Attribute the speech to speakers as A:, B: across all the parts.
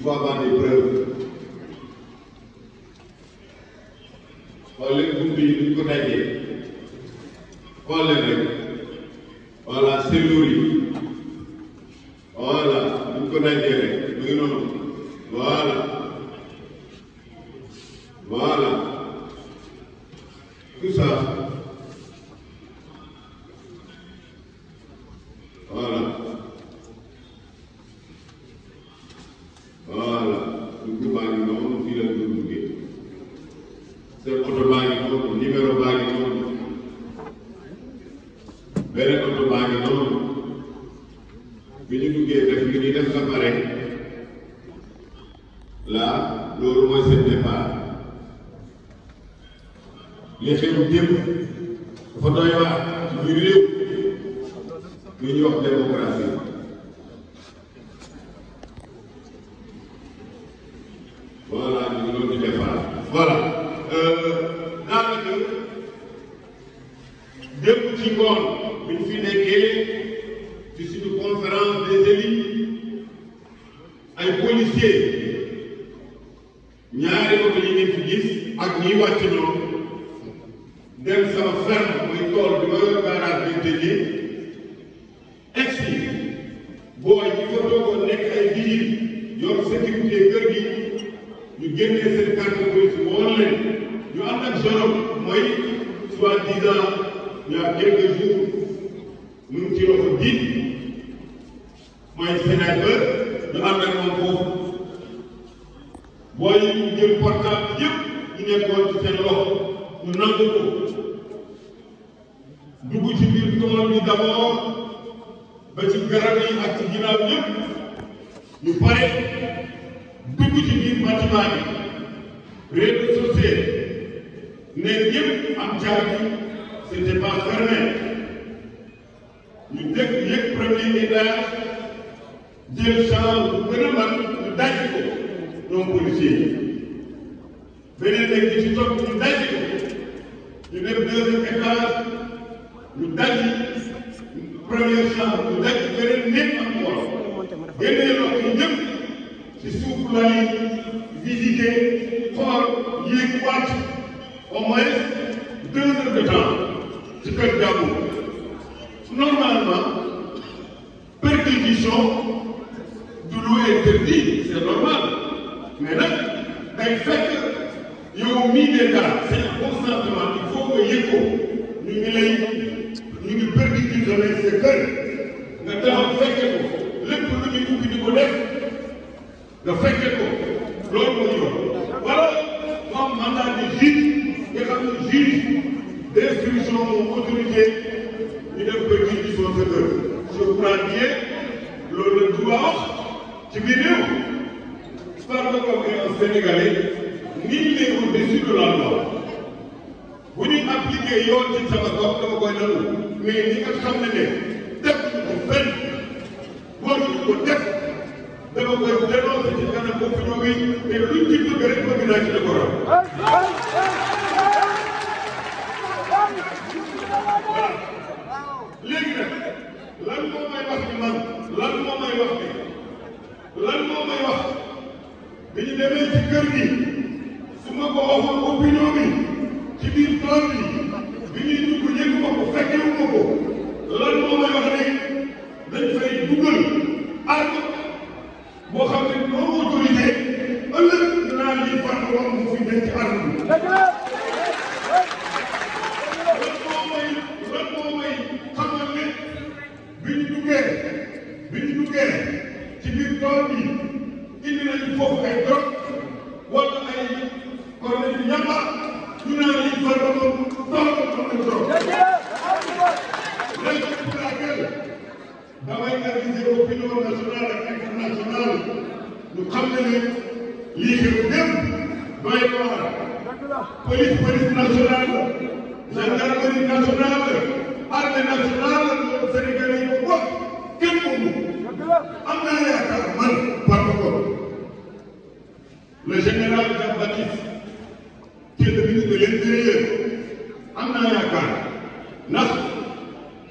A: il faut avoir des preuves xool leen bunt yi duñ ko dajee xool leen rek voilà serrure yi ko dajee numéro ba démb ci ngoon bi fi nekkee ci suñu conférence des élus ay policiers ñaari oto yi gis ak ñi wàcc ñoom dem sama ferme muy tool bi ma yor baaraam bi tëjee egsi booy ñi fa toogoon nekk ay vigile yor sécurité kër gi ñu génnee seen carte police woon leen ñu ànd ak gendarme mooy soit disant il y a quelques jours ñu ngi ci loxo diit mooy sénateur ñu am rek moom foofu booy ñu jël portable yëpp ñu nekkoon ci seen loxo ñu nangu ko dugg ci biir commune bi d'abord ba ci garab yi ci ginnaaw yëpp ñu pare dugg ci biir bâtiment bi ne yëpp am jaar bi qui n'était pas fermé ñu dégg yëg premier étage jël chambre bu gën a mag ñu daj ko ñoom policier yi beneen nekk ci topp daj ko ñu dem deuxième daj première chambre ñu daj beneen nekk ak moom génnee loxo yi ñëpp ci suuf lay visité xool yéeg wàcc au moins deux heures de temps ci kër jàmbur normalement perquisition du lu interdit c'est normal mais nag day fekk yow mii déjà seen il faut que yëg ko ñu ngi lay ñu ngi perquisitionné sa kër nga taxaw fekke ko lu di ko def nga fekke ko selon mon autorité ñu def ba ji ci son secteur je crois bien loolu la duba wax ci biir réew Samba Ngom est un Sénégalais nul n'est au-dessus de la loi bu ñu appliqué yoon ci sama gox dama koy nangu mais ñi nga xam ne ne def ko fenn waruñu ko def dama koy dénoncé ci kanam bopp ñoo ngi te luñ ci bëgg rek bëgg naa ci décorer wax ci man lan moo may wax bi bi ñu demee ci kër gi su ma ko waxoon opinion bi ci biir tool bi bi ñuy dugg yëg ma ko fekkewu ma ko lan moo may wax ne dañ fay dugal àgg boo xam ne non autorité ëllëg dinaa lii fànn wax mu fi denc àll bi kilifa ñëpp doy ko waral police police nationale la gendarmerie nationale la armée nationale la loolu Sénégal yi ko bokk kenn moomu am naa yaakaar man par rapport le général Jean-Baptiste qui est le ministre de l'intérieur am naa yaakaar ndax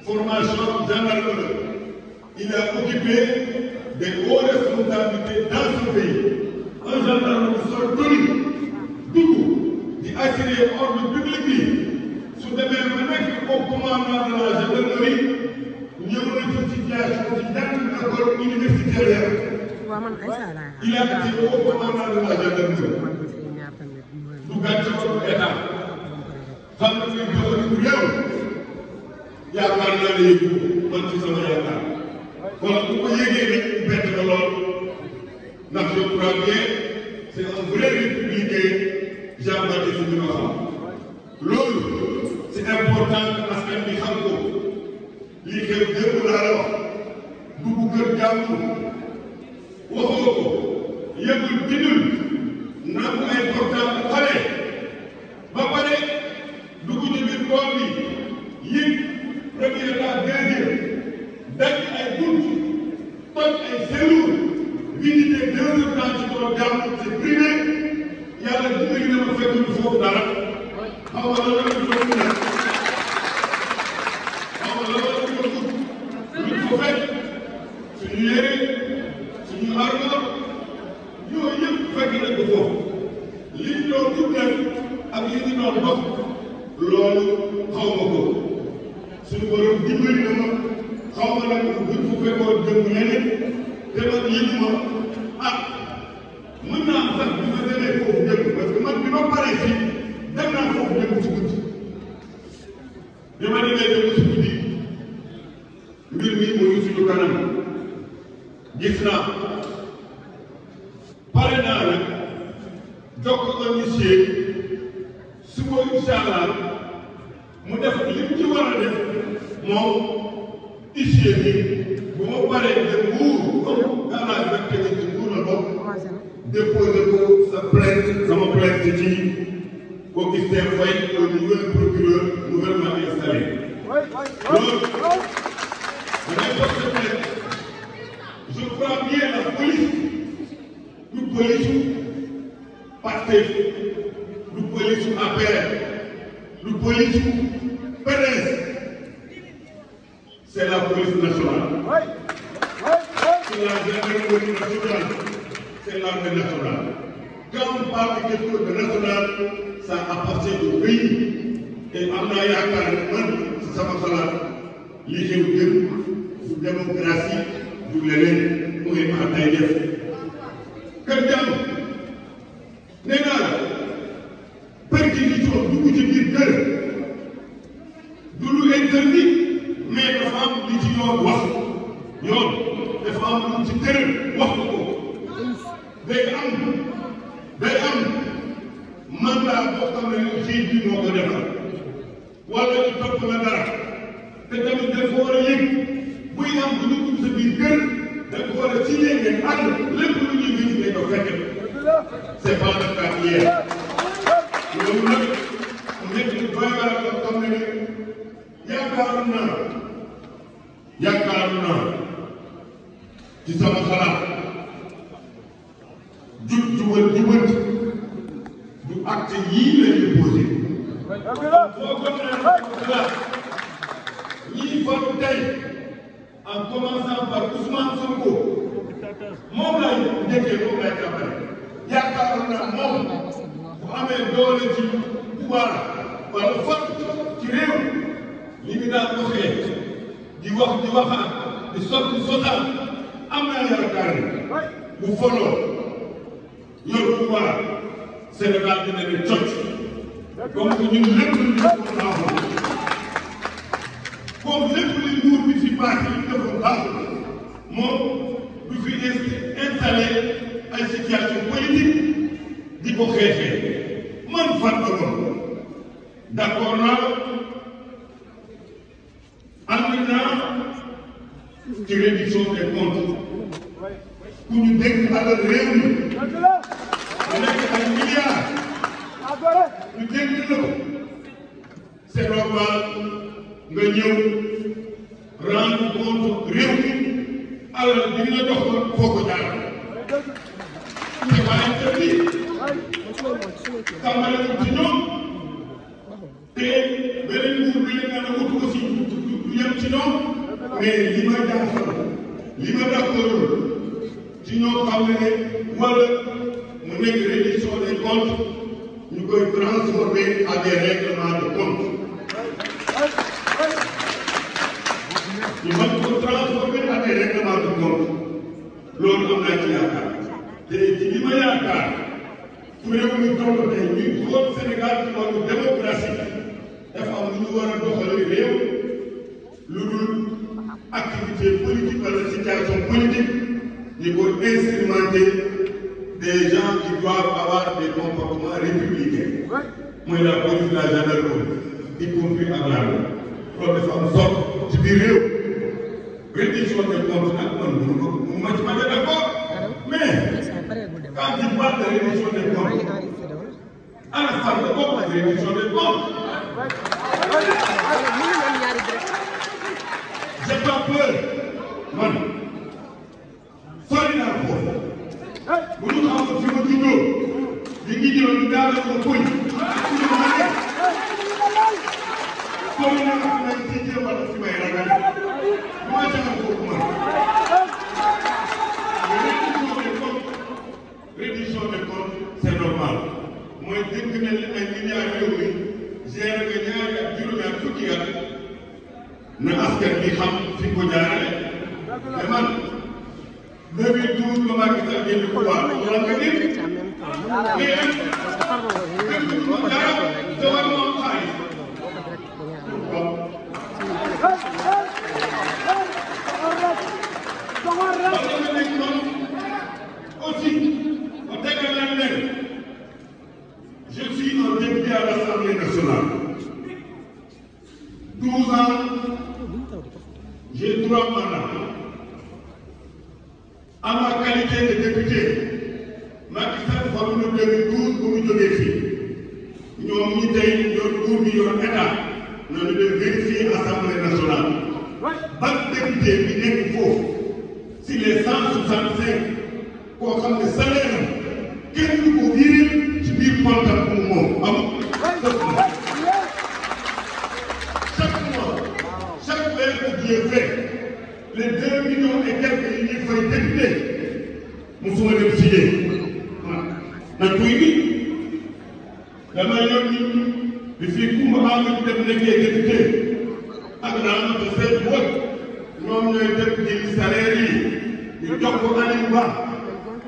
A: formation gendarmerie il a occupé des hauts responsabilités dans ce pays. gendarme soo bëri dugg di assurer ordre public bi su demee ba nekk au commandement de la gendarmerie ñëw na ci situation ci jàng école universitaire il a été au commandement de la gendarmerie du gàcce woon état xam nga muy doxalin réew yaakaar naa ne yëg man ci sama yaakaar kon bu ko yëgee rek bett na lool ndax je crois bien c'est un vrai républicain Jean-Baptiste Ndimaka loolu c'est important que askan bi xam ko lii xew démb laa la wax dugg kër jàmbur waxoo ko yëgul bindul nangu ay portable xale mën naa am sax bi ma demee foofu yëngu parce que man bi ma paree fii dem naa foofu yëngu ci guddi bi ma demee yëngu ci guddi mbir mi mooy suñu kanam gis naa pare naa nag jox ko un huissier suba incha allah mu def li mu ci war a def moom huissier bi. déposé ko sa plainte sama plainte ci Augustin Faye au nouvel procureur nouvellement installé donc damay porté plainte je crois bien la police du police Pastef du police APR du police PDS c'est la police nationale c'est la gendarmerie nationale c'est l'armée nationale. Quand on parle de quelque chose de national, ça appartient au pays. te am naa yaakaar ne du leneen mu ngi am day def kër jàmm nee naa ci biir kër du lu interdit mais dafa am li ci yoon wax yoon dafa am lu ci tëral wax am day am mandat boo xam ne jiit bi moo ko defal wala ñu topp la dara te tamit dafa war a yëg buy am bu ñu dugg kër dafa war a signé ngeen ànd lépp lu ñuy gis ngeen ko fekk c'est pas le cas hier loolu nag nekk lu doy waar loo ne yaakaaru naa yaakaaru naa ci sama xalaat acte yii la ñuy a boo continué nag ñii faru tey en commençant par Ousmane Sonko moom lay njëkkee moom lay campagne yaakaar naa moom bu amee doole ci pouvoir wala fat ci réew li ñu daan doxee di wax di waxaat di sotti sotaan am naa yaakaar ne bu foloo yor pouvoir Sénégal dina ne cocc donc ñun lépp lu ñu defoon baaxul comme lépp li nguur bi fi baax yi defoon baaxul moom du fi installé ay situation politique di ko xeexee man fàttaloon d'accord naa ànd naa ci réduction des comptes ku ñu dégg alal réew mi nga ñëw rendre compte réew mi alal la jox ko foo ko jaar te bàyyi kër gi tàmbale ko ci ñoom te nga ne wutu ko si du yem ci ñoom mais li ma jaaxal li ma d'accord ci ñoo xam ne wala mu nekk reddition des comptes ñu koy transformer à des règlements de rafet ñu mën ko transformer ak ay règlement de compte loolu am naa ci yaakaar te ci li ma yaakaar ku réew mi toll tey ñuy xool Sénégal ci wàllu démocratie dafa am lu ñu war a doxalee réew lu dul activité politique wala situation politique ñu ko instrumenter des gens qui doivent avoir des comportements républicains mooy la police la gendarmerie y compris ak la loi loolu dafa am solo ci biir réew reddition des comptes nag man mënu ko mu ma ci ma d'accord mais quand il parle de reddition des comptes ana fan nga bokk ak reddition des comptes j'ai pas peur man sori naa ko bu ñu xam fi ma juddoo li ngi jëloon daanaka ko poñ. Thank you. na askan bi xam fi ko jaarale te man léegi tuur ba maa ngi sax jënd ku baax wala nga dégg mais nag dégg nga dara dawal moom J'ai trois mandats. À ma qualité de député, Macky Sall faru na 2012 bu mu jógee fii ñoom ñi tey yor nguur gi yor état nañu dem vérifier assemblée nationale ban député bi nekk foofu. si les cent soixante cinq koo xam ne salaire am kenn du ko yéene ci biir kontaan bu mu moom am chaque mois chaque mois chaque weer bu jiyee fee les deux millions et quelques yi ñuy fay député mosuma dem signé na kuy ni dama yor nit ñi bi fii Coumba Amadou dem nekkee député ak naa ma ko seet woon ñoom ñooy dem jëli salaire yi ñu jox ko Aliou Ba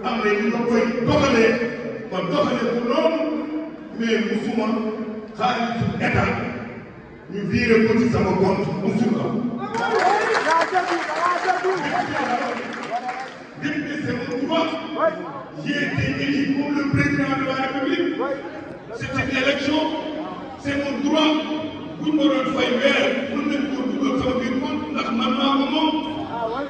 A: am na ba doxalee ko noonu mais musuma xaalisu état ñu viré ko ci sama compte musuma. député c'est mon droit j'ai été élu pour le président de la République c'est une élection c'est mon droit buñ ma doon fay weer mën nañ dugal sama biir compte ndax man maa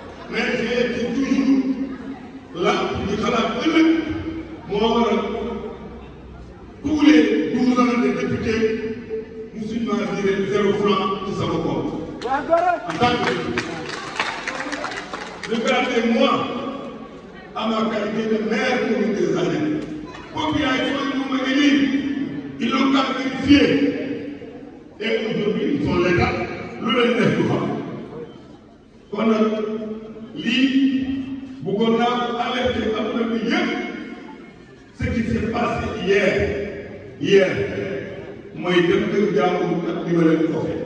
A: En tant que regardez-moi à ma qualité de maire pour des années. Population, ils nous me élire. Ils l'ont caractérisé. Et aujourd'hui, ils sont les gars. Le reste du vent. Kon nag lii bëggoon naa alerter adduna bi yëpp ce qui s'est passé hier hier mooy dem kër jàmbur ak di ma leen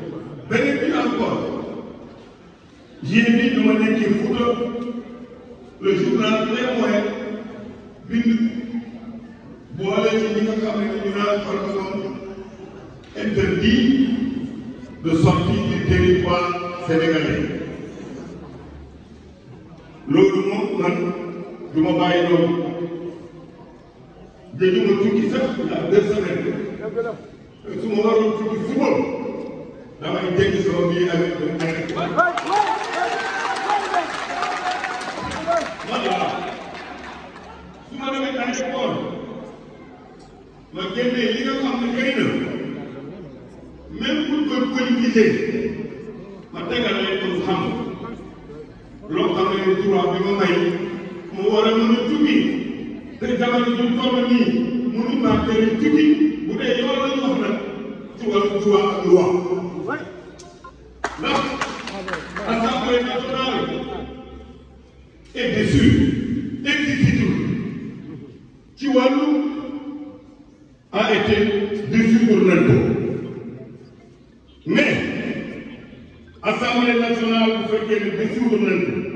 A: jii bi ñu ma nekkee Fouta le journal Témoin bind boole ci ñi nga xam ne ñu naan formation interdit de sortie du territoire sénégalais loolu moom man du ma bàyyi loolu jëju ma tukki sax ndax deux semaines su ma waroon tukki suba damay jéggi sama bii avec génnee li nga xam ne xëy na même bu ñu koy politisé ma tegal leen ko xam loo xam ne droit bi ma may mu war a mën a tukki te jamono ju toll nii mënu maa tere tukki bu dee yoon la ñu wax nag ci wàllu droit ak loi ndax assemblée nationale est déçue exécutive ci wàllu. a été dissoudre nañ ko mais assemblée nationale bu fekkee ne dissoudre nañ ko